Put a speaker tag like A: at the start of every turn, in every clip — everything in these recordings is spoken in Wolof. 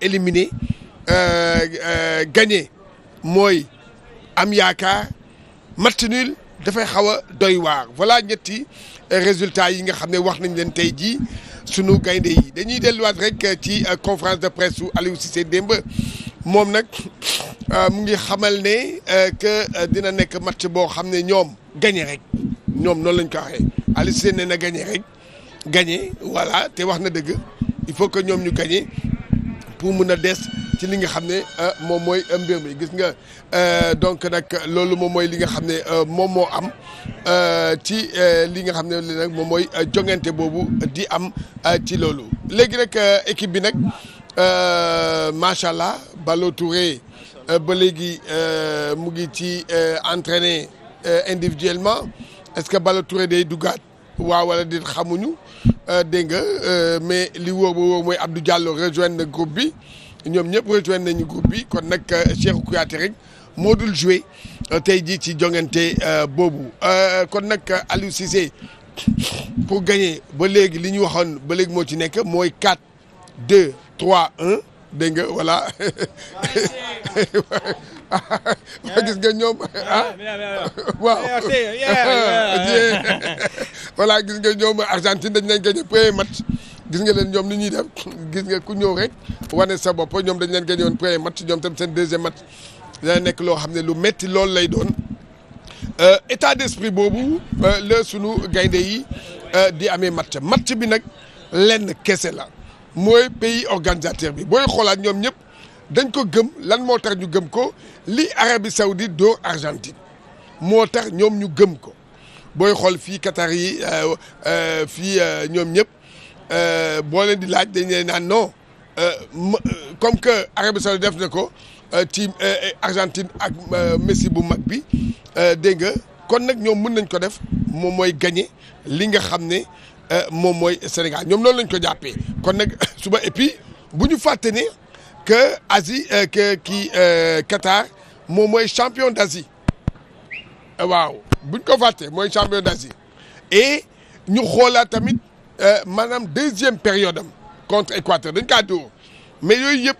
A: éliminé euh, euh, gañe mooy am yaakaar match nul dafay xaw a doy waar voilà ñetti euh, résultats yi nga xam ne wax nañ leen tey jii sunu gaynde yi dañuy delluwaat rek ci conférence de presse su Aliou Cissé démb moom nag mu ngi xamal ne que dina nekk match boo xam ne ñoom gagné rek ñoom noonu lañ ko waxee Aliou Cissé nee na rek gagné voilà te wax na dëgg il faut que ñoom ñu gagné pour mun a des ci li nga xam ne euh, moom mooy euh, mbir mi gis nga euh, donc nag loolu moom mooy li nga xam ne moom moo am ci li nga xam ne li nag moom mooy jongante boobu di am ci loolu léegi nag équipe bi nag macha allah Ballo ba léegi mu ngi ci entraîner individuellement est-ce que Ballo Touré day duggaat waaw wala déet xamuñu. Euh, dégg nga euh, mais li wóor ba wóor mooy Abdou Diallo rejoindre na bi ñoom ñëpp rejoindre nañu groupe bi kon nag euh, Cheikhou Kouyaté rek moo dul joué tey jii ci jongante boobu kon nag Aliou Cissé pour gagner ba léegi li ñu waxoon ba léegi moo ci nekk mooy 4 2 3 1 dégg nga voilà. Ah, gis nga ñoom ah, ah. ah waaw gis nga ñoom Argentine dañ leen gagné premier match gis nga leen ñoom ni ñuy def gis nga ku ñëw rek wane sa bopp ñoom dañ leen gagné woon premier match ñoom tam seen deuxième match dana nekk loo xam ne lu metti loolu lay doon euh, état d'esprit boobu euh, la sunu gaynde yi euh, di amee match match bi nag lenn kese la mooy pays organisateur bi booy xoolaat ñoom ñëpp dañ ko gëm lan moo tax ñu gëm ko li Arabie Saoudite dóor Argentine moo tax ñoom ñu gëm ko booy xool fii Qatar yi euh, euh, fii euh, ñoom ñëpp boo leen di laaj dañ leen naan non comme que Arabie Saoudite def na ko ci Argentine ak Messi bu mag bi dégg nga kon nag ñoom mën nañ ko def moom mooy gagné li nga xam ne moom mooy Sénégal ñoom loolu lañ ko jàppee kon nag suba et puis bu ñu fàtte ne que asi euh, que kii euh, Qatar moom mooy champion d'Asie euh, waaw buñ ko fàtte mooy champion d'Asie et ñu xoolaat tamit maanaam deuxième période am contre Équateur dañ kaa dóor mais yooyu yëpp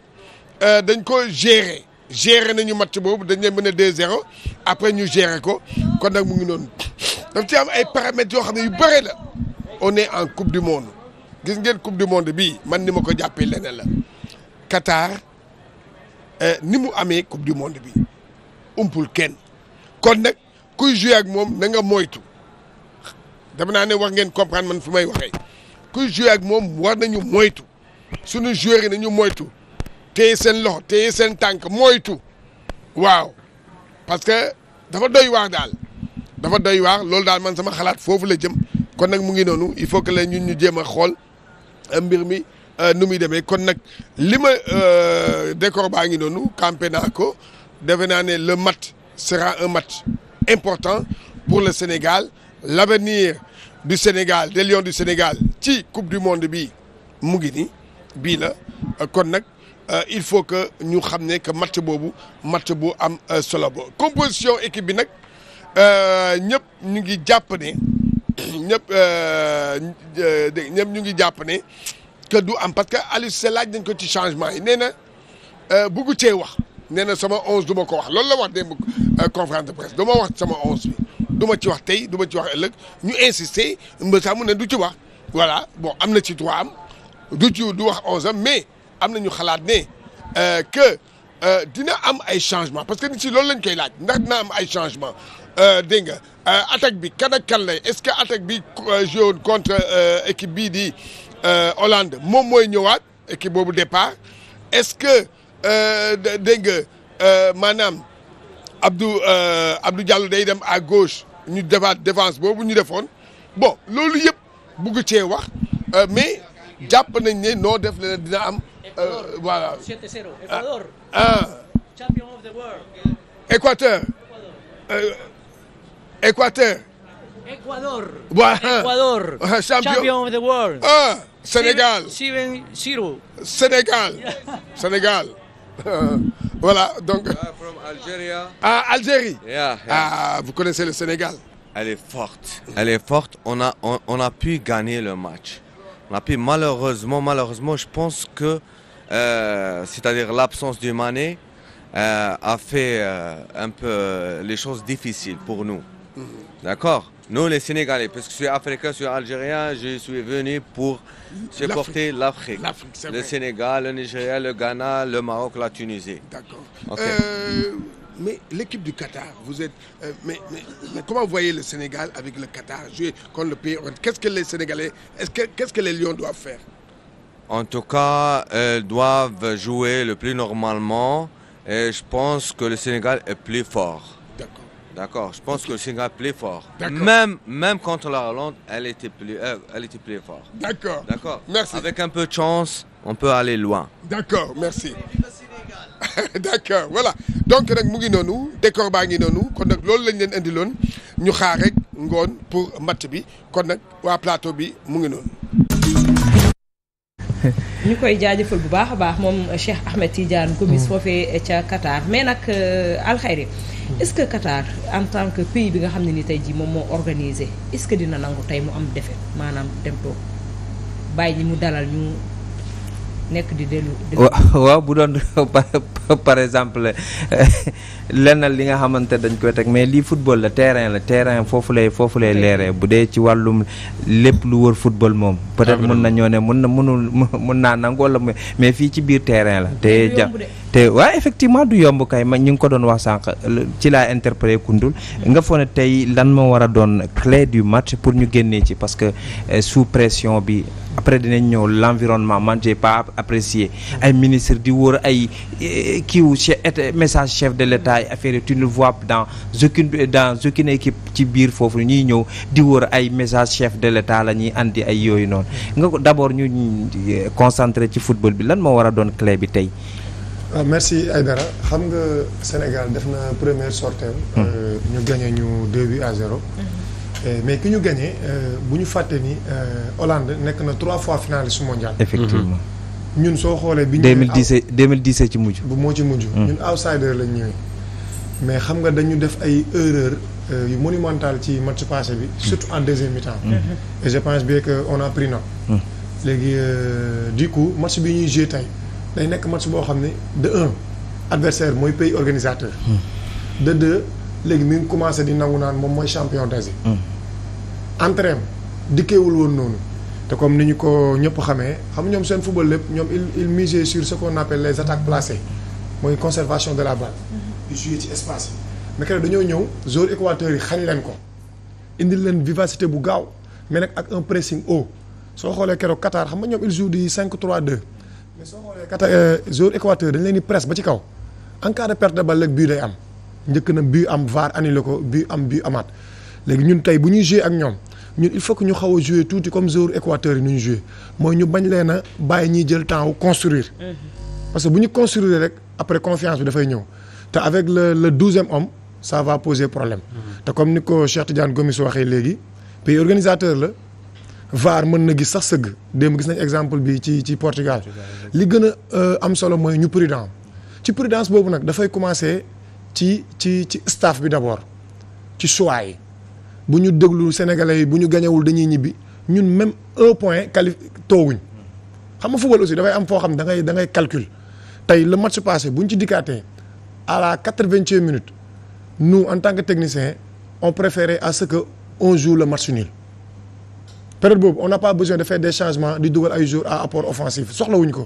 A: dañ ko gérer gérer nañu match boobu dañ leen mën a 2-0 après ñu gérer ko kon nag mu ngi noonu daf ci am ay paramètres yoo xam ne yu bëre la on est en coupe du monde gis ngeen coupe du monde bii man ni ma ko jàppee leneen la. Qatar euh, ni mu amee coupe du monde bi umpul kenn kon nag kuy joué ak moom na moytu dama naa ne wax ngeen comprendre man fi may waxee kuy joué ak moom war nañu moytu sunu joueurs yi nañu moytu téye seen loxo téye seen tànk moytu waaw parce que dafa doy waar daal dafa doy waar loolu daal man sama xalaat foofu la jëm kon nag mu ngi noonu il faut que la ñu ñu jéem a xool euh, mbir mi. Euh, nu muy demee kon nag li ma euh, décor baa ngi noonu campé naa ko defe naa ne le match sera un match important pour le Sénégal l'avenir du Sénégal des Lions du Sénégal ci coupe du monde bi mu ngi ni bii la kon nag euh, il faut que ñu xam ne que match boobu match bu am solo bo composition équipe bi nag ñëpp ñu ngi jàpp ne ñëpp ñëpp ñu ngi jàpp ne que du am parce que Aliou Cissé laaj nañ ko ci changement yi nee na euh, bugg cee wax nee na sama onze du ma ko wax loolu la wax démb euh, conférence de presse du ma wax sama onze bi du ma ci wax tey du ma ci wax ëllëg ñu insister mba sax mu ne du ci wax voilà bon am na ci droit am du ci du wax onze am mais am na ñu xalaat ne ke euh, dina am ay changement parce que nit si loolu lañ koy laaj ndax dina am ay changement dégg nga attaque bi kan ak kan lay est-ce que attaque bi joué contre équipe bii di Euh, Hollande moom mooy ñëwaat équipe boobu départ est-ce que euh, dégg nga euh, maanaam Abdou Abdou Diallo day dem à gauche ñu defaat défense boobu ñu defoon bon loolu yëpp bugg cee wax mais jàpp nañ ne noo def leen dina am. voilà ah,
B: Ecuador.
A: ah champion of the world. Équateur. Équateur. Ecuador. Eh. Ecuador. Eh, Champion. Champion of the world. Sénégal. Sénégal. Sénégal. voilà, donc...
C: Ah,
A: ah, Algérie. Ah, vous connaissez le Sénégal. Elle est
C: forte. On a, pu gagner le match. On a pu, malheureusement, malheureusement, je pense que, euh, c'est-à-dire l'absence du Mané, euh, a fait euh, un peu les pour nous. Mm-hmm. D'accord Nous, les Sénégalais, parce que je suis africain, je suis algérien, je suis venu pour supporter l'Afrique. Le Sénégal, le Nigeria, le Ghana, le Maroc, la Tunisie. D'accord. Okay.
A: Euh, mais l'équipe du Qatar, vous êtes. Euh, mais, mais, mais, comment vous voyez le Sénégal avec le Qatar jouer contre le pays Qu'est-ce que les Sénégalais, qu'est-ce qu que les Lions doivent faire
C: En tout cas, elles doivent jouer le plus normalement. Et je pense que le Sénégal est plus fort. D'accord, je pense que le Sénégal plus fort. Même, même contre la Hollande, elle était plus, elle, euh, elle était plus fort. D'accord. D'accord. Merci. Avec un peu de chance, on peut aller loin. D'accord,
A: merci. D'accord, voilà. Donc nag mu ngi noonu décor baa ngi noonu kon nag loolu lañ leen indiloon ñu xaar rek ngoon pour matt bi kon nag waa plateau bi mu ngi noonu.
D: ñu koy jaajëfal bu baax a baax moom Cheikh Ahmed Tidiane Gomis hmm. foofee ca Qatar mais nag euh, alxayri est-ce que Qatar en tant que pays bi nga xam ne ni tey jii moom moo organisé est-ce que dina nangu tay mu am defet maanaam dem toog bàyyi ñi mu dalal ñu nekk di dellu. waaw
E: bu doon par exemple lenn li nga xamante dañ koy teg mais lii football la terrain la terrain foofu lay foofu lay leeree bu dee ci wàllum lépp lu wër football moom. Ah, peut-être mën nañoo ne mën na mënul mën naa nangoo la mais fii ci biir terrain la. te ja te waaye effectivement du yomb kay ma ñu ngi ko doon wax sànq ci laa interpellé Koundoul nga foog ne tey lan moo war a doon clé du match pour ñu génnee ci parce que eh, sous pression bi après dinañ ñëw l' environnement man j'ai pas apprécié ay ministre di wóor ay eh, kiiw chef eh, message chef de l' état affaire yi tu ne dans aucune dans aucune équipe ci biir foofu ñuy ñëw di wóor ay message chef de l' état la ñuy andi ay yooyu noonu nga ko d' abord ñu concentré ci football bi lan moo war a doon clé bi tey
F: waaw euh, merci Aïdara xam nga Sénégal def na première sortie hmm. euh, ñu gañe ñu 2 buts à 0.
B: Hmm.
F: mais ki ñu gagné euh, bu ñu fàtte ni Hollande nekk na trois fois finaliste mondial. effectivement hmm. ñun soo xoolee. bi ñu 2017
E: 2017 ci mujj. bu moo ci mujj. ñun
F: outsider lañ ñëwee. mais xam nga dañu def ay erreur yu monumentale ci match passé bi. surtout en deuxième mi-temps. et je pense bien que on a pris note. léegi du coup match bi ñuy joué tey. day nekk match boo xam ne de un adversaire mooy pays organisateur. de de léegi mi ngi commencé di nangu naan moom mooy champion d'Asie. Mm. entrain dikkewul woon noonu. te comme ni ñu ko ñëpp xamee xam ñoom seen football lépp ñoom il il mise sur ce appelle les attaques placées mooy conservation de la balle. Mm-hmm. di jouer ci espace yi. mais keroog dañoo ñëw joueur équateur yi xañ leen ko. indil leen vivacité bu gaaw mais nag ak un pressing haut soo xoolee keroog Qatar xam nga ñoom il joue di 5 mais soo xoolee kata euh, joueur Équateur dañ leen di presse ba ci kaw en cas de perte de balle rek bii day am njëkk na bii am VAR annulé ko bii am bii amaat léegi ñun tey bu ñuy jouer ak ñoom ñun il faut que ñu xaw a jouer tuuti comme joueur Équateur yi nu ñu jouer mooy ñu bañ leen a bàyyi ñuy jël temps wu construire.
B: Mm-hmm.
F: parce que bu ñu construire rek après confiance bi dafay ñëw te avec le le douzième homme ça va poser problème. Mm-hmm. te comme ni ko Cheikh Tidiane Gomis waxee léegi pays organisateur la. VAR mën na gis sax sëgg démb gis nañ exemple bi ci ci Portugal li gën a euh, am solo mooy ñu prudent ci prudence boobu nag dafay commencer ci ci ci staff bi d'abord ci choix yi bu ñu déglu sénégalais yi bu ñu gañawul dañuy ñibbi ñun même un point quali toowuñ xam nga football aussi dafay am foo xam da ngay da ngay calcul tey le match passé bu ñu ci dikkaatee à la vingt vingtième minute nous en tant que technicien on préférait à ce que on joue le match nul période boobu on n'a pas besoin de faire des changements di dugal ay jours à apport offensif soxlawuñ ko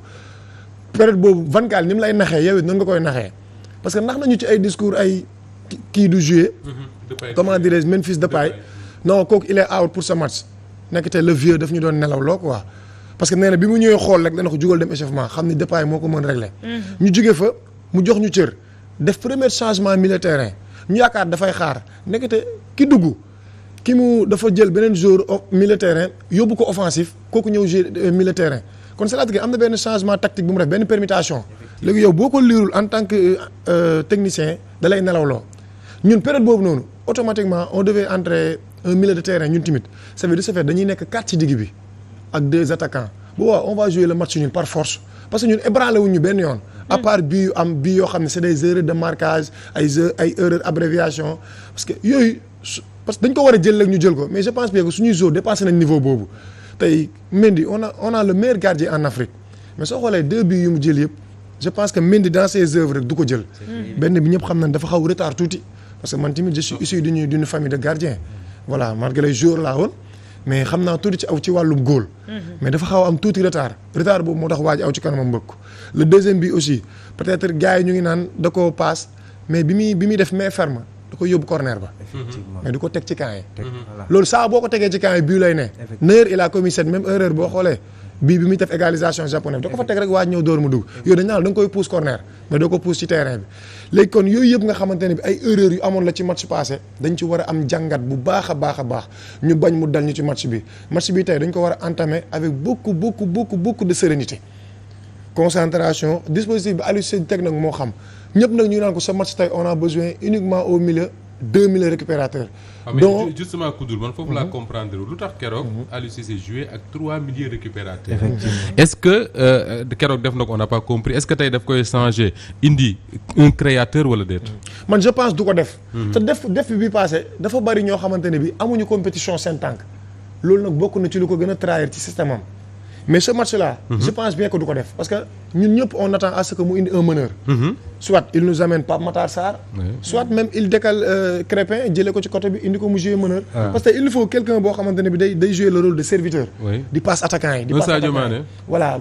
F: période boobu Van ni mu lay naxee yow noonu nga koy naxee parce que nax nañu ci ay discours ay kii du jouer comment dirais-je Memphis Depay non kooku il est out pour ce match nekk te le vieux daf ñu doon nelaw loo quoi parce que nee na bi mu ñëwee xool rek dana ko jugal dem échauffement xam ni Depay moo ko mën régler mhm. ñu jóge fa mu jox ñu cër def premier changement milieu terrain ñu yaakaar dafay xaar nekk te ki dugg ki mu dafa jël beneen joueur milieu terrain yóbbu ko offensif kooku ñëw jouer euh, milieu terrain kon cest à am na benn changement tactique bu mu def benn permutation léegi yow boo ko liirul en tant que euh, technicien da nelaw loo ñun période boobu noonu automatiquement on devait entrer un milieu de terrain ñun tamit ça veut dire ce fait dañuy nekk quatre ci digg bi ak deux attaquants bu boobaa on va jouer le match nul par force parce que ñun ébranlé wuñ ñu benn yoon. à mm. part bii am ne c'est de marquage ay ay erreurs que yooyu. parce que dañ ko war a jël rek ñu jël ko mais je pense bien que suñuy joueurs dépassé nañ niveau boobu tey Mendy on a on le meilleur gardien en Afrique mais soo xoolee deux buts yu mu jël yëpp je pense que Mendy dans ses rek du ko jël. benn bi ñëpp xam nañ dafa xaw retard tuuti. parce que man tamit je suis issu d'une d'une famille de gardiens voilà malgré joueur laa woon mais xam naa tuuti ci aw ci wàllum góol. Mhm. mais dafa xaw am tuuti retard. retard boobu moo da koy yóbbu corner ba. mais du ko teg ci camp yi. loolu saa boo ko tegee ci camp yi bii lay ne. effectivement il a commis cette même erreur boo xoolee. bii bi muy def égalisation japonais da ko fa teg rek waa ñëw dóor mu dugg yooyu dañ naan da nga koy pousse corner mais doo ko pousse ci terrain bi léegi kon yooyu yëpp nga xamante ne bi ay erreur yu amoon la ci match passé dañ ci war a am jàngat bu baax a baax a baax ñu bañ mu dal ñu ci match bi match bi tey dañ ko war a entamer avec beaucoup beaucoup beaucoup beaucoup de sérénité concentration dispositif bi Aliou Cissé teg nag moo xam ñëpp nag ñu naan ko sa match tey on a besoin uniquement au milieu deux mille récupérateurs.
G: Ah, donc justement Koudou man foofu laa mhm. comprendre lu tax keroog. Mhm. Aliou Cissé joué ak trois milieux récupérateurs. est-ce que euh, keroog def na ko on n'a pas compris est-ce que tey daf koy changer indi un créateur wala déet. Mhm. man je pense du ko def. te def def
F: bi passé dafa bari ñoo xamante ne bi amuñu compétition seen tànk loolu nag bokk na ci lu ko gën a trahir ci système am. mais ce match pense bien que du parce que ñun ñëpp on attend à ce que mu indi un soit il nous amène Pape Matar Sarr. soit même il décale euh, Crépin jëlee ko ci côté bi indi ko mu jouer meneur. Ah. parce que il faut quelqu'un boo xamante ne bi day day jouer le rôle de serviteur. di passe attaquant yi. di passe attaquant yi voilà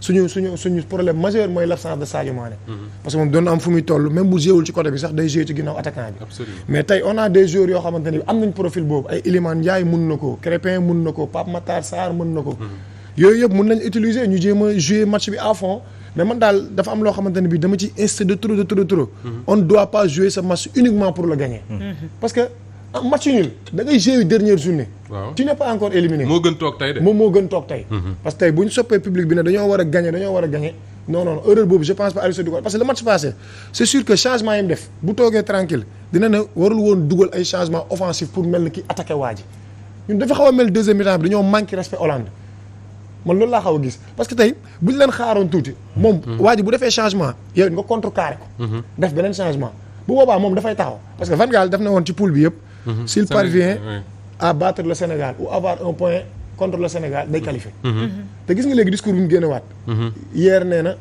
F: suñu suñu suñu problème mooy l'absence de Sadio Mané. Mhm. parce que moom doon am fu muy toll même bu jéewul ci côté bi sax day jouer ci ginnaaw attaquant
B: bi. mais
F: tey on a des joueurs yoo xamante ne bi am nañ profil boobu ay Iliman Ndiaye mun na ko Crépin mun na ko Pape Matar Sarr mun na ko. Mhm. utiliser ñu jéem a à fond. mais man daal dafa am loo xamante ne bii dama ci insisté de trop de trop de trop. Mhm. on ne doit pas jouer ce match uniquement pour le gagner. Mhm. parce match nul da ngay jouer dernière journée. waaw tu encore éliminé. moom moo gën toog tey. Mhm. parce tey bu ñu soppee public bi ne dañoo war a gagner dañoo war a gagner non non erreur boobu je pense pas Aliou du ko parce que match passé c'est sûr que changement yi def bu toogee tranquille dina ne warul woon dugal ay man loolu laa xaw a gis parce que tey bu ñu leen xaaroon tuuti. moom hmm. waa ji bu defee changement yow nga contrecarré ko. Hmm. def beneen changement bu boobaa moom dafay taxaw parce que Van Gaal na woon ci poule bi yëpp.
B: Hmm. s'il parvient
F: à battre le Sénégal ou avoir un point contre le Sénégal day qualifié. te gis nga léegi discours bi génnewaat. yeer nee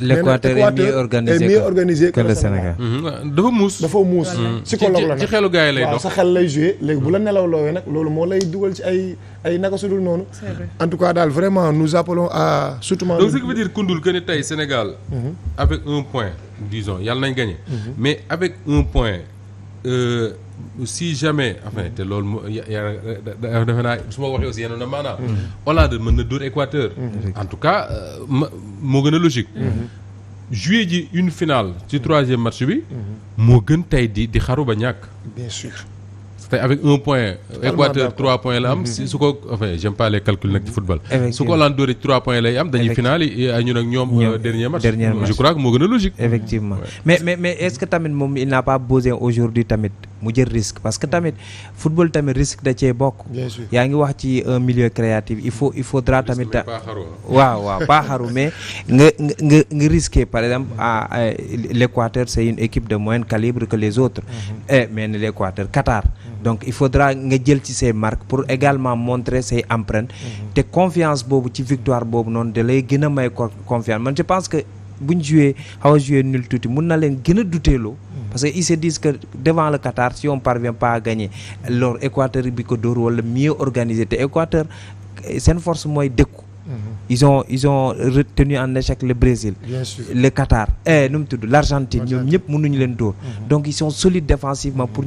B: l'Équateur est mieux organisé, est mieux organisé que, que le Sénégal
F: mhm. dafa muus dafa muus mhm. psychologue la nag ci xelu gars lay dox sa xel lay joué léegi bu la nelaw loowee nag loolu moo lay dugal ci ay ay naka sudul noonu en tout cas daal vraiment nous appelons à surtout donc ce
G: qui veut dire kundul que ni tey Sénégal mhm. avec un point disons yàlla nañ gagné mais avec un point euh, si jamais enfin te loolu mu defe naa su ma waxee aussi yenoon na maanaam mm-hmm. Hollande mën na dóor Équateur mm-hmm. en tout cas euh, moo gën a logique mm-hmm. jouer ji une finale ci troisième match bi moo gën tey di di xaru ba ñàkk bien sûr tey avec un point Équateur trois points la am si su ko enfin j'aime pas nag ci football su ko Hollande dóoree trois points lay am dañuy finale yi ñun ak ñoom euh, dernier match je crois moo
E: gën a logique effectivement mais mais est-ce mu jël risque parce que tamit football tamit risque da cee bokk. yaa ngi wax ci un milieu créatif il faut il faudra tamit. waaw waaw baaxaru mais nga nga nga risque par exemple à l'Équateur c'est une équipe de moyen calibre que les autres. Mm-hmm. Eh, mais ne l'Équateur Qatar. Mm-hmm. donc il faudra nga jël ci say marques pour également montrer say empreintes. Mm-hmm. te confiance boobu ci victoire boobu noonu da lay gën a may confiance man je pense que buñ joué xaw a nul tuuti mun na leen gën a duteeloo. parce qu'ils se disent que devant le Qatar si on parvient pas à gagner alors Équateur bi ko dóor wala mieux organiser te Équateur seen force mooy dëkku ils ont ils retenu en échec le Brésil. bien sûr le Qatar eh nu mu tudd ñoom ñëpp mënuñu leen dóor. Mhm. donc ils sont solides défensivement pour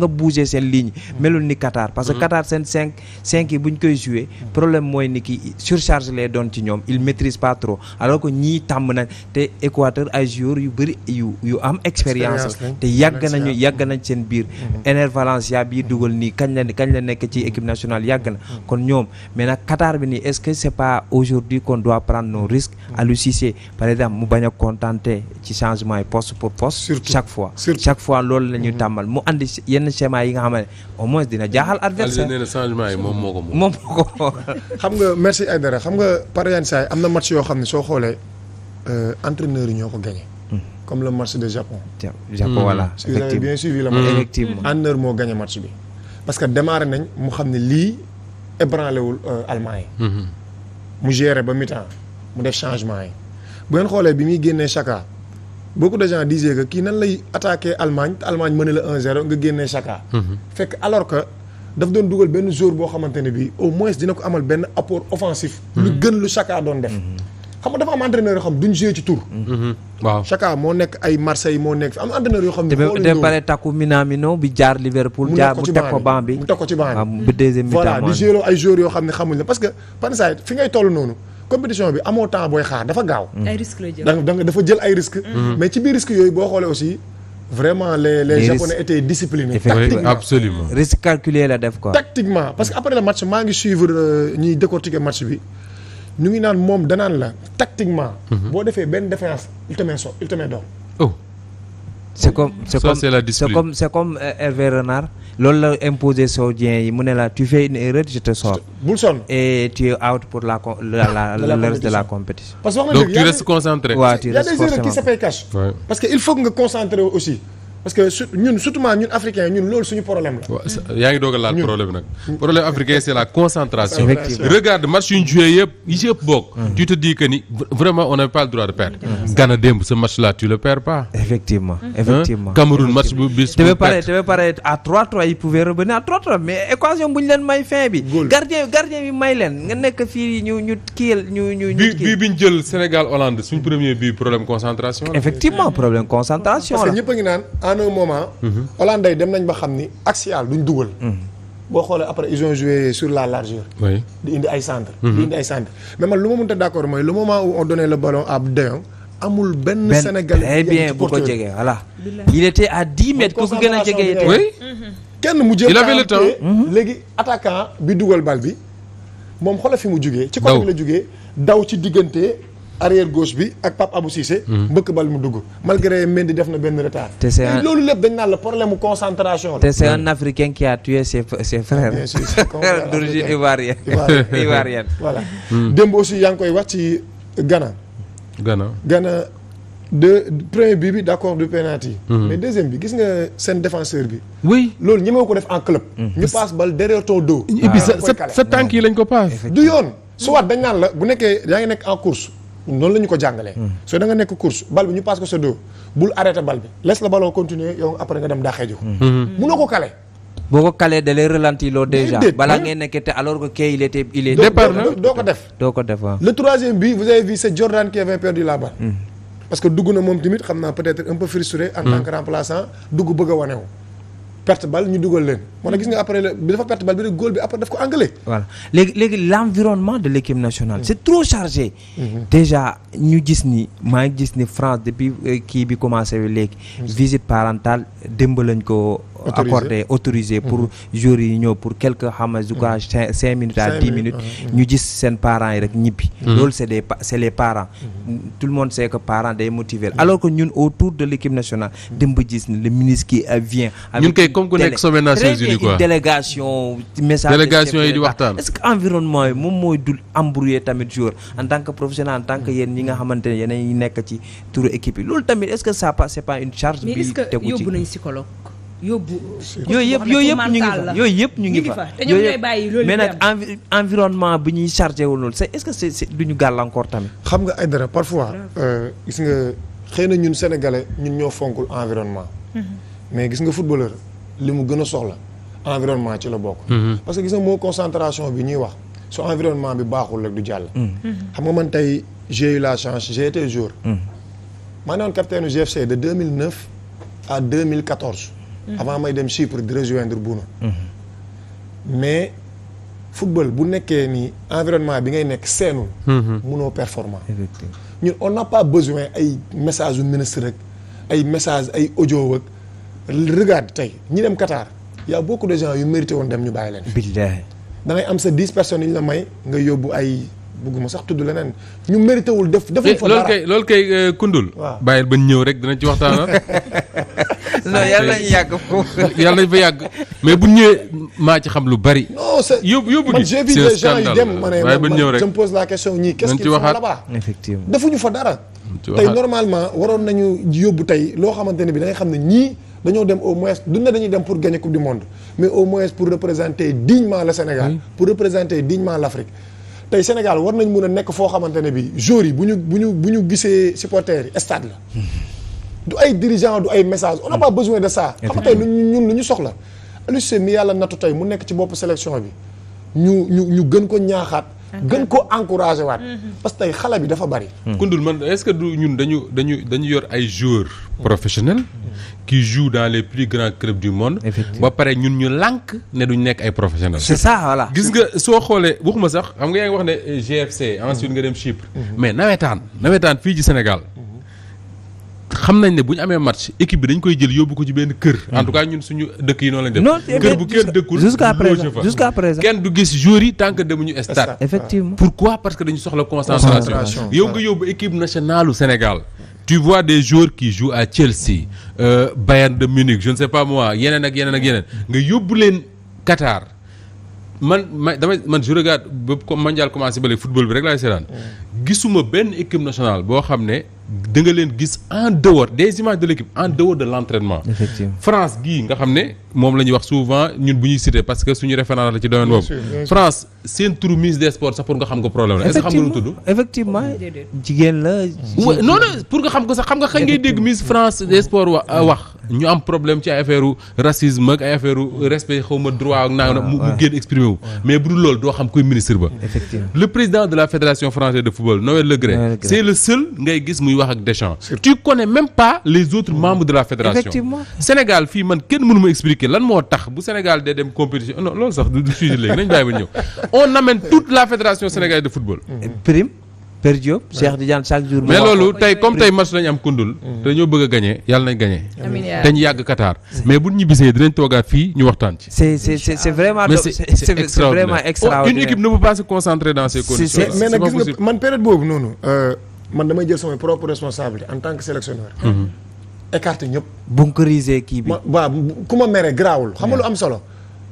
E: nga bouger seen ligne. Mhm. melul ni Qatar parce que mhm. Qatar seen cinq cinq yi bu koy joué problème mooy ni ki surcharge lay doon ci ñoom ils maîtrisent pas trop alors que ñii tàmm nañ te Équateur ay joueurs yu bëri yu yu am expérience te yàgg nañu yàgg nañ seen biir. Ener Valencia bii dugal nii kañ la kañ nekk ci équipe nationale yàgg na pas aujourd'hui qu'on doit prendre nos risques mm. Aliou Cissé par exemple mu bañ a contenter ci changement yi poste pour poste chaque fois chaque fois loolu la ñu mm-hmm. tàmmal mu andi yenn schéma yi nga xam ne au moins dina jaaxal adversaire nee
G: na changement yi moom moo ko moom
E: moo ko xam nga merci Aïdara xam nga par yenn am na match yoo xam ne soo xoolee
F: euh, entraîneurs yi ñoo ko gagné mm. comme le marché de Japon Japon mm. voilà si vous avez bien suivi la effectivement moo gagné match bi parce que démarré nañ mu xam ne lii ébranlé wul euh, Allemagne mm-hmm. mu gérer ba mi mu def changement yi bu ngeen xoolee bi muy génnee Chaka beaucoup de gens disaient que kii nan lay attaquer Allemagne te Allemagne mën la 1-0 nga génnee Chaka. Mhm. fekk alors que daf doon dugal benn jour boo xamante ne bii au moins dina ko amal benn apport offensif. Mhm. lu gën lu Chaka doon def. Mhm. xam nga dafa am entraîneur yoo xam duñ
E: joué ci tour mhm. waaw
F: Chaka moo nekk ay Marseille moo nekk am entraîneur yoo xam ne. xooluñu te ba pare
E: takku Minamino bi jaar Liverpool. mu teg ko banc bi mu teg ko ci banc bi bu deuxième mi-temps
F: voilà di parce que Pansaïd fi ngay toll bi amoo temps booy xaar dafa gaaw.
D: Mm.
F: dafa jël ay risques. Mm-hmm. mais ci biir risques yooyu boo xoolee aussi. vraiment les les, les japonais risques. parce que après le match maa ngi suivre euh, ñiy décortiquer match bi. ñu ngi naan moom danaan la tactiquement. Mhm. boo defee benn défense il te met so il te met doom.
E: oh c'est comme c'est comme euh, Hervé Renard loolu la imposé saoudiens yi mu ne la tu fais une erreur je te sors. bul sonn et tu es out pour la con la la la compétition. parce que wax nga dëgg donc tu restes concentré. waaw tu
G: restes
F: forcément parce que il faut nga concentré aussi. parce que su ñun surtout ñun africains ñun loolu suñu problème la.
G: yaa ngi doog a laal problème nag. problème africain c' la concentration. regarde match yu ñu joué yëpp boog. Mm. tu te ni vraiment on n' a pas le droit de perdre. Mm. Mm. Ghana démb ce match là tu le perds pas.
E: effectivement
G: effectivement. match bu bis. te pare
E: te ba pare à 3-3 ils pouvaient revenir à 3-3 mais équation bu ñu leen may fin bi. gardien gardien bi may leen nga nekk fii ñu ñu kiyal ñu ñu. ñu kii bi ñu jël Sénégal Hollande suñ
G: premier bi problème concentration la.
E: effectivement problème
G: ñëpp
E: ngi naan. en un moment.
G: Mhm.
F: Hollandais dem nañ ba xam ni axial duñ dugal. Mhm. boo xoolee après ils ont joué sur la largeur. oui indi ay centre di indi ay centre mhm. mais man lu ma mënta d' accord mooy le moment où on donnait le ballon à De Jong amul benn Sénégalais. très bien bu ko jegee voilà. il était à 10 mètres ko gën a jege. oui
B: kenn mu jëm. il avait le temps
F: léegi attaquant bi dugal bal bi moom xoolal fi mu jugee. ci côté la jugee daw ci diggante. arrière gauche bi ak Pape Abou Cissé. Mhm. mbëkk bal mu dugg malgré Mendy def na benn retard. te c'est un lépp dañ naan la problème mu concentration
E: Africain qui a tué ses ses frères. bien sûr
G: d'origine ivoirienne.
F: ivoirienne voilà. Hmm. démb aussi yaa ngi koy wax ci gana gana Ghana de premier bii bi d'accord du penalty. Hmm. mais deuxième bi gis nga seen défenseur bi. oui loolu ñi ma ko def en club. Hmm. ñu passe bal derrière ton dos. waaw ah. sa sa tànk yi lañ ko passe. du yoon soit dañ naan la bu nekkee yaa ngi nekk en course. noonu lañu ko jàngale hmm. soo da nga nekk course bal bi ñu passe ko sa dos bul arrêté bal bi laisse la ballon continuer yow après nga dem daaxee ji hmm. Hmm. munoo ko kale.
E: boo ko kalee da lay déjà balaa ngay nekkee te alors que kay il était il doo ko def doo ko def waaw. le
F: troisième but vous avez vu c'est Jordan qui avait perdu la balle. parce que dugg na moom tamit xam naa peut un peu frustré. en tant remplaçant dugg bëgg a wane wu.
E: perte bal ñu dugal leen. moo tax gis nga après bi dafa perte bal bi rek góol bi après daf ko anglais. voilà léegi léegi l' de l' équipe nationale. c' est trop chargé. Mhm. déjà ñu gis ni maa ngi gis ni France depuis euh, kii bi commencé léegi. Mhm. visite parentale démb lañ ko. accordé autorisé pour mhm. jour yi ñëw pour quelque xama du mhm. quoi cinq minutes à dix minutes ñu gis seen parents yi rek ñibbi mhm. loolu c'est des c'est tout le monde sait que parents day motiver alors que ñun autour de l'équipe nationale dem ba gis ne le ministre qui vient
B: ñun kay comme ku nekk sommet Nations Unies quoi délégation délégation yi di waxtaan est-ce
E: que environnement yi moom mooy dul embrouillé tamit joueur en tant que professionnel en tant que yéen a ngi nekk ci
B: yóbbu. yooyu yëpp yooyu yëpp ñu ngi fa yooyu yëpp ñu ngi fa. te ñoom ñooy
E: bàyyi ñuy chargé wu noonu c'est est-ce ñu gàllankoor tamit. xam nga ay dara parfois. Euh,
F: gis nga xëy na ñun sénégalais ñun ñoo fonkul environnement. Mm-hmm. mais gis nga footballeur li mu gën a soxla environnement ci la bokk. Mm-hmm. parce que gis nga concentration bi ñuy wax su bi baaxul rek du jàll. Mm-hmm. xam nga man tey j'ai eu la chance j'ai été jour.
B: maa
F: ngi doon capitaine du GFC de 2009 à 2014. avant may dem Chypre di rejoindre Bouna mais football bu nekkee ni environnement bi ngay nekk seenu munoo performant ñun on n'a pas besoin ay message yu ministre rek ay message ay audio ak regarde tey ñi dem Qatar y a de gens yu mérité woon dem ñu bàyyi leen billaahi dangay am sa dix personnes yi ñu la may nga yóbbu ay bugguma sax tudd leneen ñu mérité wul def. defuñ fa dara loolu kay
G: loolu kay euh, kundul. waaw ñëw rek dinañ ci waxtaana ah. non yàlla yàgg foofu. yàlla nañu fa mais bu ñëwee maa ci xam lu bari. non c' est yóbbu yóbbu
F: ñëw rek je me pose ñii qu'est-ce qu'ils font là-bas effectivement defuñu fa dara. tey normalement waroon nañu yóbbu tey loo xamante ne bi da xam ne ñii dañoo dem au moins duñ ne dañuy dem pour gagner coupe du monde mais au moins pour représenter dignement le Sénégal. pour représenter dignement l'Afrique tey Sénégal war nañ mun a nekk foo xamante ne bi jour yi bu ñu bu ñu bu ñu gisee supporters yi stade la du ay dirigeant du ay message on n'a pas besoin de ça xam ñun lu ñu soxla Aliou Cissé mi yàlla nattu tey mu nekk ci bopp sélection bi ñu ñu ñu gën ko ñaaxaat gën ko encouragé waat. Mhm. parce que xale bi dafa bari. Hmm. Koundoul
G: man est-ce que du ñun dañu dañu dañu yor ay joueurs professionnels. qui jouent dans les plus grands clubs du monde. ba pare ñun ñu lànk ne duñ nekk ay professionnels. c'est ça voilà. gis nga soo xoolee waxuma sax xam nga yaa ngi wax ne GFC ensuite nga dem Chypre. Mhm. mais nawetaan nawetaan fii ci Sénégal. xam nañ ne bu ñu amee match équipe bi dañ koy jël yóbbu ko ci benn kër. en tout cas ñun suñu dëkk yi noonu lañ def. kër bu kenn dëkkul jusqu'à présent jusqu'à présent kenn du gis joueur yi tant que stade. pourquoi parce que dañu soxla concentration. yow nga yóbbu équipe nationale Sénégal. tu vois des joueurs qui jouent à Chelsea euh, Bayern de Munich je ne sais pas moi yeneen ak yeneen ak nga yóbbu leen Qatar man man damay man je regarde ba mondial commencé ba léegi football bi rek laay seetaan. gisuma benn équipe nationale boo xam ne da nga leen gis en dehors des images de l' équipe en dehors de l' entraînement. effectivement France gii nga xam ne moom la wax souvent ñun bu ñuy cité parce que suñu référence la ci domaine boobu. France seen turu ministre des sports sax pour nga xam ko problème la. est ce xam nga lu xam ko sax xam nga xëy ngay dégg ministre France des sports wa wax. ñu am problème ci ay affaire racisme ak ay affaire respect xaw ma droit ak naa mu génn exprimer mais doo xam kuy ministre ba. football Noël Le Gret Noël Le Gret c'est le seul ngay gis muy wax ak Deschamps. tu connais même pas les autres membres de la fédération. Sénégal fii man kenn mënu ma expliquer lan moo tax bu Sénégal dee dem compétition non loolu sax du sujet léegi nañ bàyyi ba ñëw on amène
E: toute la fédération sénégalaise de football. Père Diop Cheikh Tidiane chaque jour. mais loolu tey comme tey
G: match lañu am kundul. te dañoo bëgg a gagné yàlla nañ gagné. amiin te ñu yàgg Qatar. mais bu ñibbisee dinañ toogaat fii ñu waxtaan ci. c' est
E: vraiment. mais c' est c' est vraiment oh, extraordinaire une équipe ne peut
F: pas
G: se concentrer dans
F: man période boobu noonu. Euh, man damay jël sama propre responsabilité en tant que sélectionneur. Mhm. écarté ñëpp. bunkeriser kii bi. waaw ku ma mere garaawul xam nga lu am solo.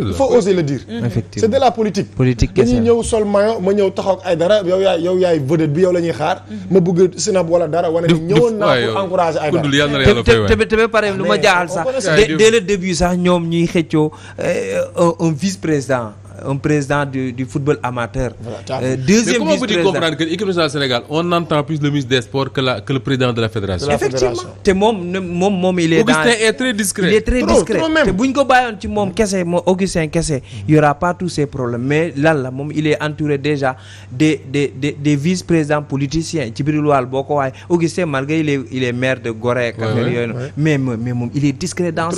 F: il faut oser le dire. c'est de la politique. politique dañuy ñëw sol maillot ma ñëw taxaw ak ay dara yow yaay yow yaay vedette bi yow la ñuy xaar. Mm-hmm. ma bëgg sinab wala dara
E: wala ni ñëwoon naa pour encourager ay dara te te te ba pare lu ma jaaxal sax dès le début sax ñoom ñuy xëccoo eh, un vice président. un président du, du football amateur. Voilà, euh, deuxième Mais comment peux-tu comprendre
G: que Sénégal on entend plus le ministre des que, la, que le président de la fédération. effectivement
E: te moom moom il est. très discret te bu ñu ko ci moom kese moom Augustin kese hmm. y aura pas tous ces problèmes mais lan moom il est entouré déjà des des des vice présidents politiciens ci biir loolu boo ko waaye Augustin malgré il est maire de Gorée. waaw yooyu mais moom il est discret dans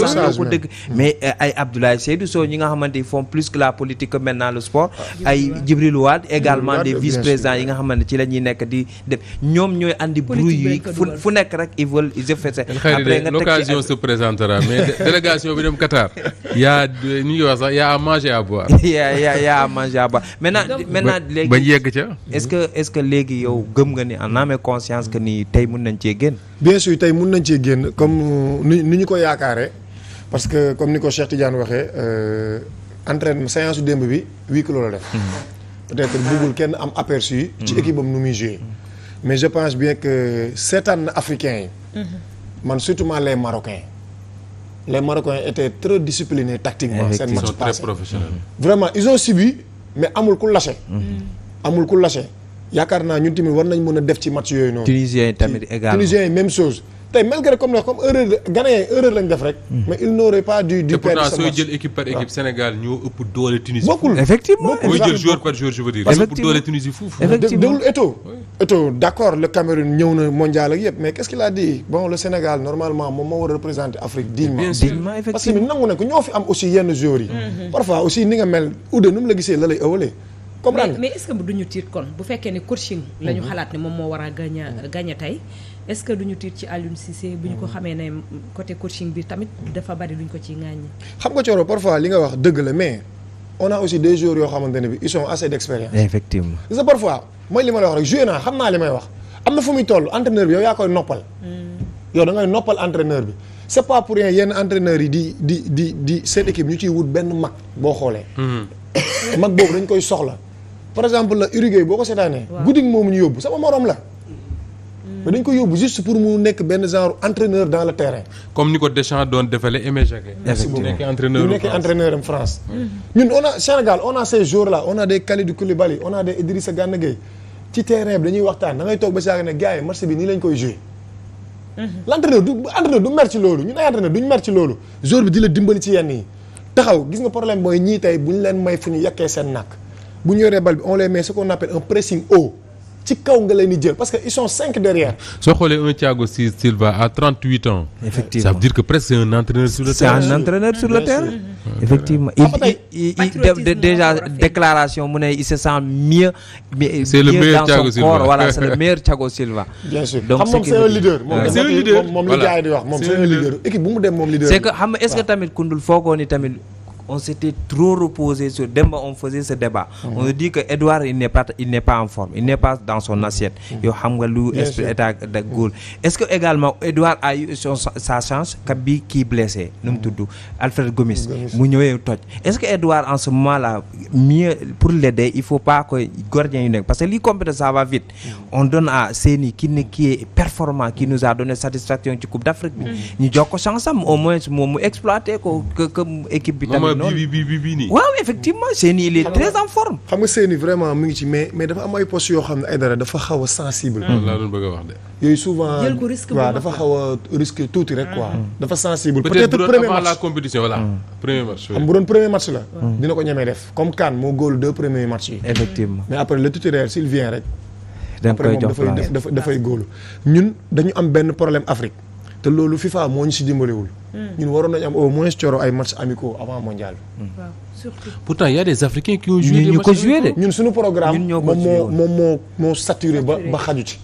E: que maintenant le sport ay Djibril Wade également des vice présidents yi nga xam ne ci la ñuy nekk di def ñoom ñooy andi brouille yi fu fu nekk rek ils veulent ils effacent après nga l'occasion se
G: présentera mais délégation bi dem Qatar yaa ñu ngi wax sax yaa à manger à boire yaa
E: yaa yaa à manger à boire maintenant
B: maintenant léegi ba
E: yegg ca est-ce que est-ce que léegi yow gëm nga ni en amee conscience que ni tey mun nañ cee génn bien sûr tey mun nañ cee génn comme euh, ni ñu ko yaakaaree parce que
F: comme ni ko Cheikh Tidiane waxee euh, entraînement séance su démb bi huis clos la def. Mhm. peut-être kenn am aperçu. ci mhm. équipe nu muy joué. mais je pense bien que seetaan na africains yi. Mhm. man surtout les marocains. les marocains étaient très disciplinés tactiquement. seen match passé vraiment ils ont subi mais amul ku lâché. amul ku lâché yaakaar naa ñun tamit war nañ mën a def ci match yooyu noonu.
G: tunisiens
E: yi tamit également
F: même chose. tey malgré comme comme erreur Ghanéen erreur lañ def rek. Hmm. mais il n'aurait pas du du. perdre sa te pourtant sooy jël
G: équipe par équipe Sénégal ñoo ëpp doole Tunisie. bokkul effectivement jël joueur par joueur je
F: veux d'accord le Cameroun ñëw na mondial ak yëpp mais qu'est-ce qu'il a dit bon le Sénégal normalement moom moo war a représenter Afrique dignement. bien sûr dignement effectivement parce que nangu na ko ñoo fi am mm-hmm. parfois aussi ni nga mel Oudé nu mu la gisee la lay ëwalee.
D: comprendre mais est-ce que tiit kon bu fekkee ne coaching. Mm-hmm. la xalaat ne moom moo war a gagner mm-hmm. gagner tey est ce que duñu tiit ci Aliou Cissé bu ñu ko mm. xamee ne côté coaching bi tamit dafa bari luñ ko ci ŋàññi.
F: xam nga Thioro parfois li nga wax dëgg la mais on a aussi des joueurs yoo xamante ne bi ils sont assez d' expérience.
E: effectivement
F: parfois mooy li ma la wax rek joué naa xam naa li may wax am na fu muy toll entraîneur bi yow yaa koy noppal. Mm. yow da ngay noppal entraîneur bi c' est pour rien yenn entraîneurs yi di di di di seen équipe ñu ciy wut benn mag boo xoolee. Mm. mag boobu dañ koy soxla par exemple la Uruguay boo ko seetaanee. waaw guddi moomu ñu yóbbu sama la. mais dañ ko yóbbu juste pour mu nekk benn genre entraîneur dans le terrain.
G: comme ni ko Deschamps doon defalee Aimé Jacquet. effectivement nekkee entraîneur
F: mu France. ñun on a Sénégal on a ces joueurs là on a des Kalidou Koulibaly on a des Idrissa Gana Gueye ci terrain bi dañuy waxtaan da ngay toog ba saa ne gars yi match bi nii lañ koy joué. Mhm. l' du entraîneur du mer loolu ñun ay entraîneur duñ mer ci loolu. joueur bi di la dimbali ci yenn yi taxaw gis tey bu ñu leen may fu ñu yekkee seen nàkk bu ñu yoree bal bi ci kaw nga leen di jël parce que ils sont cinq derrière.
G: soo xoolee un Thiago Silva à trente huit ans. effectivement ça veut dire que presque un c'est un entraîneur sur
E: le terrain. effectivement il déjà déclaration mu ne il se sent mieux. c'est le meilleur Thiago Silva voilà c'est le meilleur Thiago Silva. bien sûr donc c'est un leader. moom moom di wax moom c'est un leader équipe bu mu dem moom leader. c'est que xam est-ce tamit Koundoul foogoo ni tamit. on s'était trop reposé sur Demba on faisait ce débat mm-hmm. on nous dit que il n'est pas il n'est pas en forme il n'est pas dans son mm-hmm. assiette mm-hmm. yow xam nga lu esprit état est-ce que également Edouard a eu son sa chance ka bi kii blessé nu mu Alfred Gomis mu ñëwee toj est-ce que Edouard en ce moment mieux pour l'aider il faut pas que gardien yu nekk parce que lii compétence ça va vite on donne à Seny qui performant qui nous a donné satisfaction ci Coupe d'Afrique
F: noonu bi bi
G: bi bi nii.
E: waaw effectivement Séni il est
F: très xam nga Séni vraiment mu ngi ci mais mais dafa am ay postes yoo xam ne ay dara dafa xaw a sensible. Ah, laa doon bëgg yooyu souvent waaw dafa xaw a risque tuuti rek quoi. Mm. dafa
G: sensible peut-être premier match la compétition voilà. Mm. premier match xam bu doon premier
F: match la. Mm. dina ko ñemee def comme Kaan moo góol deux premiers matchs yi. effectivement mais après le titulaire s'il rek.
G: dañ dafay dafay góolu ñun
F: dañu am benn problème Afrique. te loolu FIFA moo ñu si dimbaliwul. Hmm. ñun waroon nañu am au moins coro ay matchs amicaux avant mondial.
B: Hmm. Hmm. waaw surtout.
G: pourtant y a des Africains qui
B: ñu ko
F: joué de ñun suñu programme. ñun ñoo ko joué moom moo moo moo saturé ba ba xaju ci.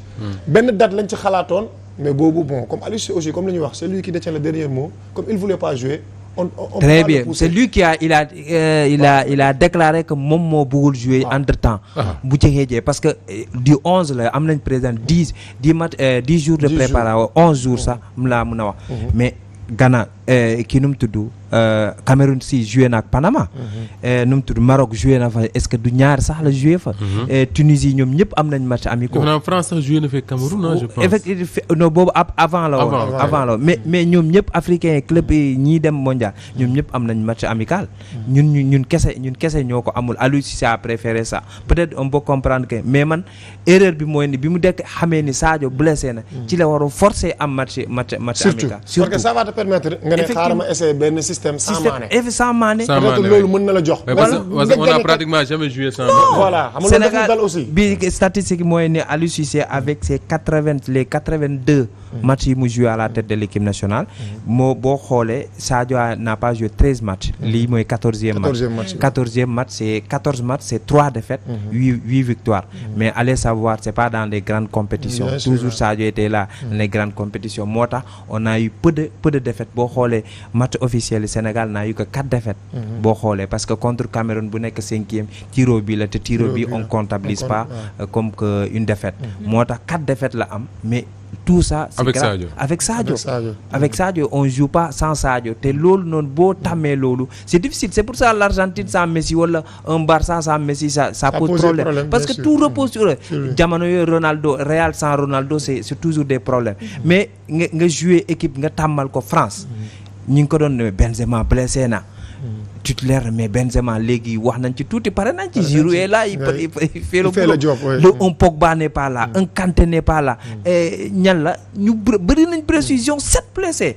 F: benn date lañ ci xalaatoon mais boobu bon comme Aliou aussi comme la wax c'est lui qui détient le dernier mot on, on
E: très bien c'est lui qui a il a euh, il a il a moom moo bëggul jouer ah. entre temps. Ah. bu ci xeejee parce que euh, du 11 la am nañ président 10 10 mat 10 euh, jours de préparation onze jours oh. sax mu laa mën a wax oh. mais Ghana Eh, kii nu mu tudd eh, Cameroun si joué na ak Panama. Mhm. Eh, nu mu tudd Maroc na fa est que du ñaar sax la joué fa. Mhm. Tunisie ñoom ñëpp am nañ match amicaux.
G: non France sax joué na fekk Cameroun
E: ah mais ñoom ñëpp africain yi club yi ñii dem mondial ñoom ñëpp am nañ match amical. Mhm. ñun ñu ñun kese ñun kese ñoo ko amul Aliou Cissé a préféré ça peut-être on peut comprendre que mais man erreur bi mooy ni bi mu dekk xamee ni Sadio blessé na. ci la war force forcer am match match amical. surtout
F: ne xaaral ma essayé benn système sans Mané.
G: système sans Mané.
E: sans Mané loolu mën na la jox. wala parce que on a pratiquement jamais joué sans bi statistique mooy ne Aliou Cissé avec ses quatre vingt les quatre vingt deux. Hmm. matchs yi mu joué à la tête de l' équipe nationale. Hmm. moo boo xoolee Sadio n'a pas joué treize matchs. Hmm. lii mooy quatorzième match quatorzième match. quatorzième trois défaites. huit huit victoires. mais allez savoir c' pas dans les grandes compétitions. toujours Sadio était là. les grandes compétitions moo tax on a eu peu de peu de défaites boo xoolee. xoolee match officiel Sénégal naa yu ko quatre mhm. boo xoolee parce que contre Cameroun bu nekk cinquième tiro bi la te tiro bi on comptabilise pas euh, comme que une défaite mhm. moo tax quatre défaites la am mais tout ça c'est avec Sadio avec Sadio avec Sadio on joue pas sans Sadio te loolu noonu boo tamee loolu c'est difficile c'est pour ça l'Argentine sans Messi wala un Barça sans Messi ça pose problème parce que tout repose sur yooyu Ronaldo Real sans Ronaldo c'est c'est des problèmes mhm. mais nga nga jouer équipe nga ñi ngi ko doon demee Benzema blessé na. Mm. titulaire mais Benzema léegi wax nañ ci tuuti pare nañ ci. Giroud est là il fait le job le un Pogba n'est pas là mm. un Kanté mm. ñan la ñu bëri nañ précision sept blessés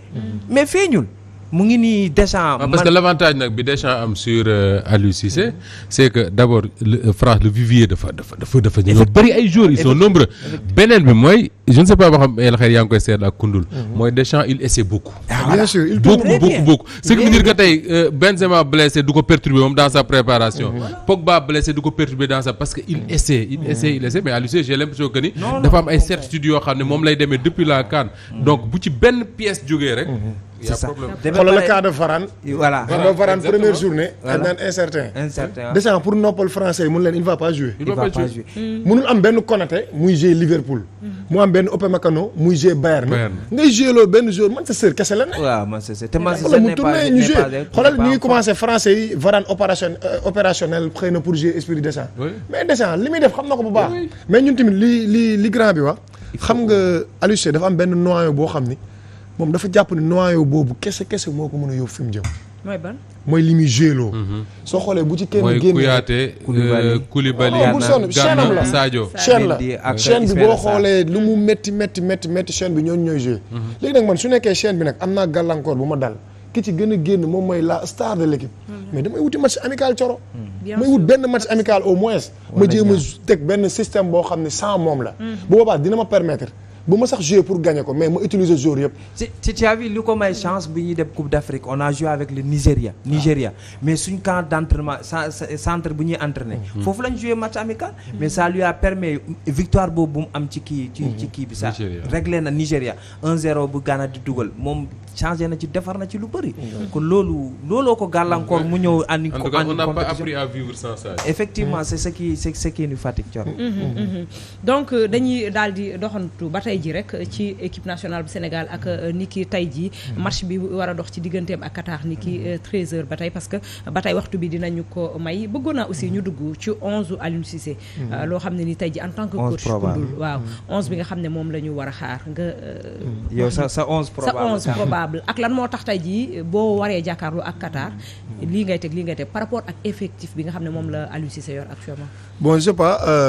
E: mais feeñul. mu ngi nii Deschamps. Ah, parce que
G: l'avantage nag bi Deschamps am sur euh, Aliou Cissé c'est que d'abord euh, France le vivier dafa dafa dafa dafa ñoo bëri ay joueurs ils sont nombreux. beneen bi mooy je ne sais pas boo xam El Khayri yaa ngi koy seetlu ak Koundoul. Mhm. mooy Deschamps il essaie beaucoup. Ah, bien sûr il beaucoup beaucoup beaucoup. tey euh, Benzema blessé du ko perturber moom dans sa préparation. Mhm. Pogba blessé du ko perturber dans parce que il mhm. essaie. il essaie il essaie mais Aliou Cissé j'ai l'impression que dafa am ay certitudes yoo xam ne moom lay demee depuis la CAN. donc bu ci benn pièce jógee rek. c'est ça xoolal cas de Varane. voilà
F: Varane première journée. voilà incertain. incertain pour noppal français yi mun leen il va pas jouer. il va pas mm. am benn Konaté muy jouer Liverpool. Mm. mu am benn Upamecano muy jouer Bayern. ngay jouer loolu benn jour Manchester kese la ne. waaw
E: Manchester te Manchester n'est pas ñu jouer
F: xoolal ñu ngi français yi Varane opération opérationnel euh, na pour jouer esprit Deschamps. mais Deschamps li def xam na ko bu baax. mais ñun tamit li li li grand bi wax. xam nga Aliou dafa am benn boo xam ni. moom dafa jàpp ne noyau boobu kese kese moo ko mën a yóbbu fi mu jëm. mooy ban mooy li muy géeloo. Mhm. soo xoolee bu ci kenn génne. mooy Kouyaté euh, Koulibaly ah, Gana Sadio. chaîne la chaîne bi boo xoolee lu mu métti métti métti métti chaîne bi ñooñu ñooy joué. Mhm. léegi nag man su nekkee chaîne bi nag am naa gàllankoor bu ma dal ki ci gën a génn moom mooy la star de l' mhm. mais damay wuti match amical coro. may wut benn match amical au moins. ma jéem a teg benn système boo xam ne sans moom la. bu boobaa dina ma permettre. bu ma sax joué pour gagner
E: ko mais ma utiliser joueur yëpp. ci ci tu as ko may chance bi ñuy dem Coupe d'Afrique on a joué avec le Nigeria. Ah. Nigeria mais suñ camp d'entraînement centre bu ñuy entraîner. Mm-hmm. foofu lañ joué match amical. Mm-hmm. mais ça lui a permis victoire boobu mu am ci kii mm-hmm. bi sax. réglé na Nigeria 1-0 bu Ghana di dugal moom changé na ci defar na ci lu bëri. kon loolu looloo ko gàllankoor mu ñëw andi. ko andi on n'a pas appris à effectivement c'est ce qui
D: tey ji rek ci équipe nationale bu Sénégal ak euh, ni ki tey jii hmm. bi war a dox ci digganteem ak Qatar ni ki 13 hmm. euh, ba tey parce que ba tey waxtu bi dinañu ko may bëggoon naa aussi ñu hmm. dugg ci 11 Aliou Cissé euh, loo xam ne ni tey ji bi nga xam la ñu war a sa sa 11 probable sa moo tax tey jii boo waree jàkkaarloo ak Qatar lii ngay teg lii ngay teg par rapport ak effectif bi nga xam ne moom la Aliou Cissé yor actuellement
E: bon je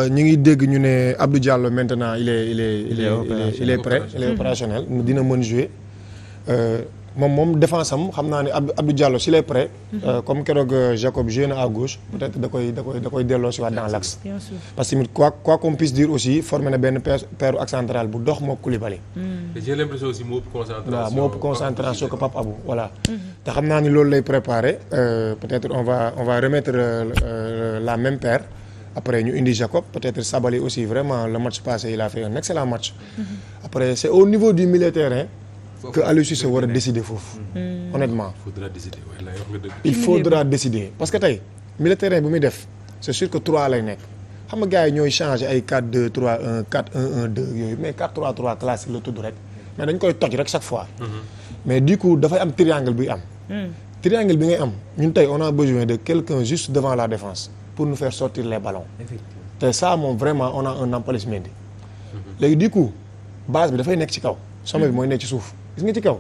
F: ñu ngi dégg ñu ne Abdou Diallo maintenant il est il est est il est prêt il est opérationnel dina mën jouer euh, moom moom défense am xam naa ne Abdou Diallo s'il est mhm. euh, comme keroog euh, Jacob joué na à da koy da koy da koy delloo si waat dans l'axe parce que quoi quoi qu'on puisse dire aussi formé na benn paire paire axe central bu dox moo Koulibaly.
G: Hmm. moo ëpp concentration. waaw moo ëpp
F: concentration que hmm. te xam naa ni loolu lay préparé peut on va on va remettre la même paire. après ñu indi Jacob peut-être Sabaly aussi vraiment le match passé il a fait un excellent match. Mm -hmm. après c'est au niveau du milieu que Aliou Cissé war a décider foofu.
G: Mhm. honnêtement. il faudra décider il faudra
F: parce que tey milieu terrain muy def c'est sûr que 3 lay nekk. xam nga yi ñooy changer ay 4 2 3 1 4 1 1 2 yooyu mais 4 3 3 classique la tudd rek mais dañ koy toj rek chaque fois. Mhm. mais du coup dafay am triangle bi am. Mhm. triangle bi ngay am ñun tey on a besoin de quelqu'un juste devant la défense. pour nu faire sortir les ballons. te ça moom vraiment on a un Nampalys Mendy.
A: Mhm.
F: léegi du coup base bi dafay nekk ci kaw. sommet bi mhm. mooy nekk ci suuf gis nga ci kaw.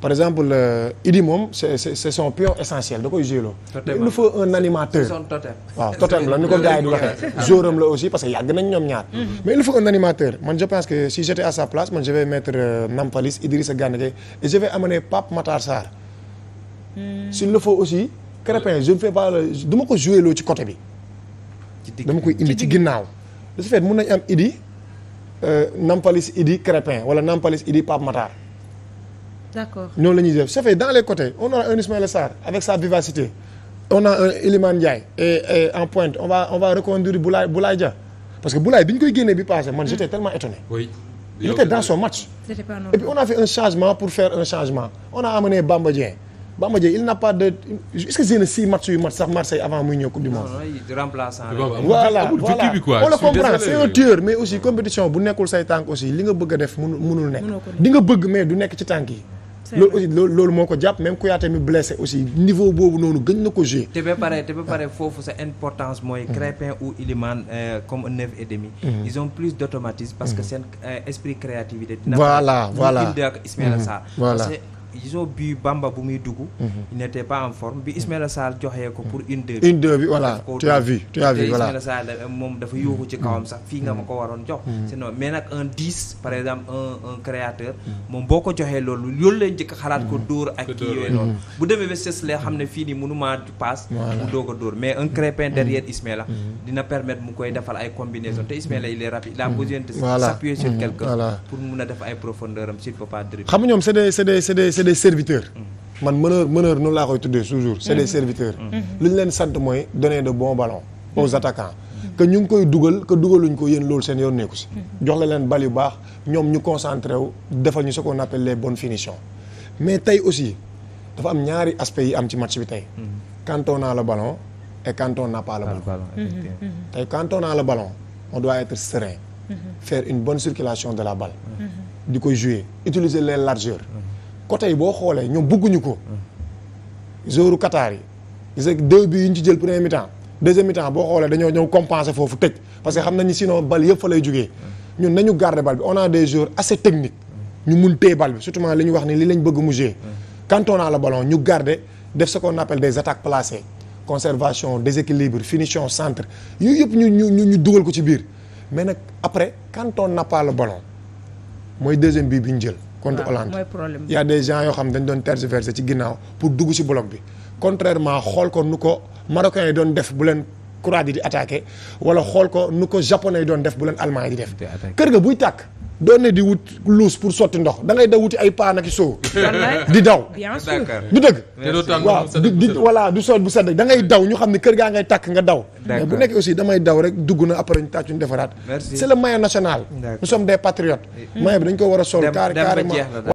F: par exemple euh, Idi moom c'est c'est son pion essentiel da koy joué loo. il faut un animateur.
E: waaw totem la ni ko gars yi di waxee. jouram
F: la aussi parce que yàgg nañ ñoom ñaar. Mhm. mais il nous faut un animateur man je pense que si j'étais à sa place man je vais mettre euh, Nampalys Idrissa Gana Gueye et je hmm. faut aussi. Crépin je ne fais du ma ko joué loo ci côté bi. ma koy indi ci ginnaaw. de ce fait mun nañ am Idi euh, Nampalis Idi Crépin wala Nampalis Idi Pape Matar. d'accord ñoo la ñuy def su fekkee dans les côtés on aura un Ismaïla Sarr avec sa vivacité. on a un Iliman Ndiaye et, et en pointe on va on reconduire Boulaye Boulaye Dia parce que Boulaye bi ñu koy génnee bi passé man mm. j'étais tellement étonné. oui dans son match. et puis on a fait un changement pour faire un changement on Bamba Dieng il n'a pas de est-ce que c'est six matchs yu mat sax Marseille avant muy ñëw coupe du monde.
E: remplaçant voilà voilà on le comprend c'est un
F: tueur mais aussi compétition bu nekkul say tànk aussi li nga bëgg a def mënul mënul nekk. di nga bëgg mais du nekk ci tànk yi. loolu aussi loolu moo ko jàpp même Kouyaté mi blessé aussi niveau boobu noonu gën na ko joué.
E: te ba pare te ba pare foofu sa importance mooy. Mm-hmm. Crépin ou Ilimane euh, comme neuf et demi. Mm-hmm. ils ont plus d' automatisme. parce que mm-hmm. seen euh, esprit créativité. dina ko voilà voilà ak Ismaïla Sarr. disons bii Bamba bu muy dugg. Mhm. il n'était pas en forme bi Ismaïla Sarr joxee ko pour une deux. une bi voilà tu as vu tu as vu voilà moom dafa yuuxu ci kawam sax fii nga ma ko waroon jox. Mhm. sinon mais nag un dix par exemple un un créateur. moom boo ko joxee loolu loolu lay njëkk xalaat ko mhm. dóor ak kii yooyu noonu. bu demee ba sës lee xam ne fii nii mënumaa paas. mu doog a dóor mais un Crépin derrière Ismaïla. dina permettre mu koy defal ay combinaison te Ismaïla il est rapide il pour a def ay profondeur am s'il peut
F: c'est des serviteurs. man meneur meneur noonu laa koy tuddee toujours c'est des mm-hmm. serviteurs. Mm-hmm. Mm-hmm. lu ñu leen sant mooy donner de bons ballons aux attaquants. que ñu ngi koy dugal que dugaluñ ko yéen loolu seen yoon nekku si. jox la leen bal yu baax ñoom ñu concentré wu defal ñu ce qu'on appelle les bonnes finitions mais tey aussi dafa am ñaari aspects yi am ci match bi tey. quand on a le ballon et quand on n'a pas le ballon. tey quand on a le ballon on doit être serein. faire une bonne circulation la balle. di ko jouer utiliser les côté yi boo xoolee ñoom bëgguñu ko. joueur Qatar yi. gis nga deux bi yu ñu ci jël premier mi-temps deuxième mi-temps boo xoolee dañoo ñëw compenser foofu tëj parce que xam nañu sinon bal yëpp fa lay jugee. ñun nañu garder bal bi on a des joueurs assez techniques. ñu mun téye bal bi surtout li ñu wax ni li lañ bëgg mu jouer. quand on a ñu garder def ce qu'on appelle des attaques placées conservation déséquilibre finition centre yooyu yëpp ñu ñu ñu dugal ko ci biir mais nag après quand on n'a pas mooy deuxième bii bi ñu jël. contre Hollande y a des gens yoo xam dañ doon tergiverser ci ginnaaw pour dugg ci bloc bi contrairement xool ko nu ko marocains yi doon def bu leen Croatie di attaqué wala xool ko nu ko japonais yi doon def bu leen allemand yi di def kër ga buy tàkk doo ne di wut luus pour sotti ndox da ngay da wuti ay paan ak soo di daw
B: du dëgg waaw
F: di voilà du soot bu sedd da ngay daw ñu xam ne kër gaa ngay tàkk nga daw mais bu nekk aussi damay daw rek dugg na après
B: ñu tàccuñ defaraat c'est le maillot national nous sommes des patriotes maillot bi dañ ko war a sol carrément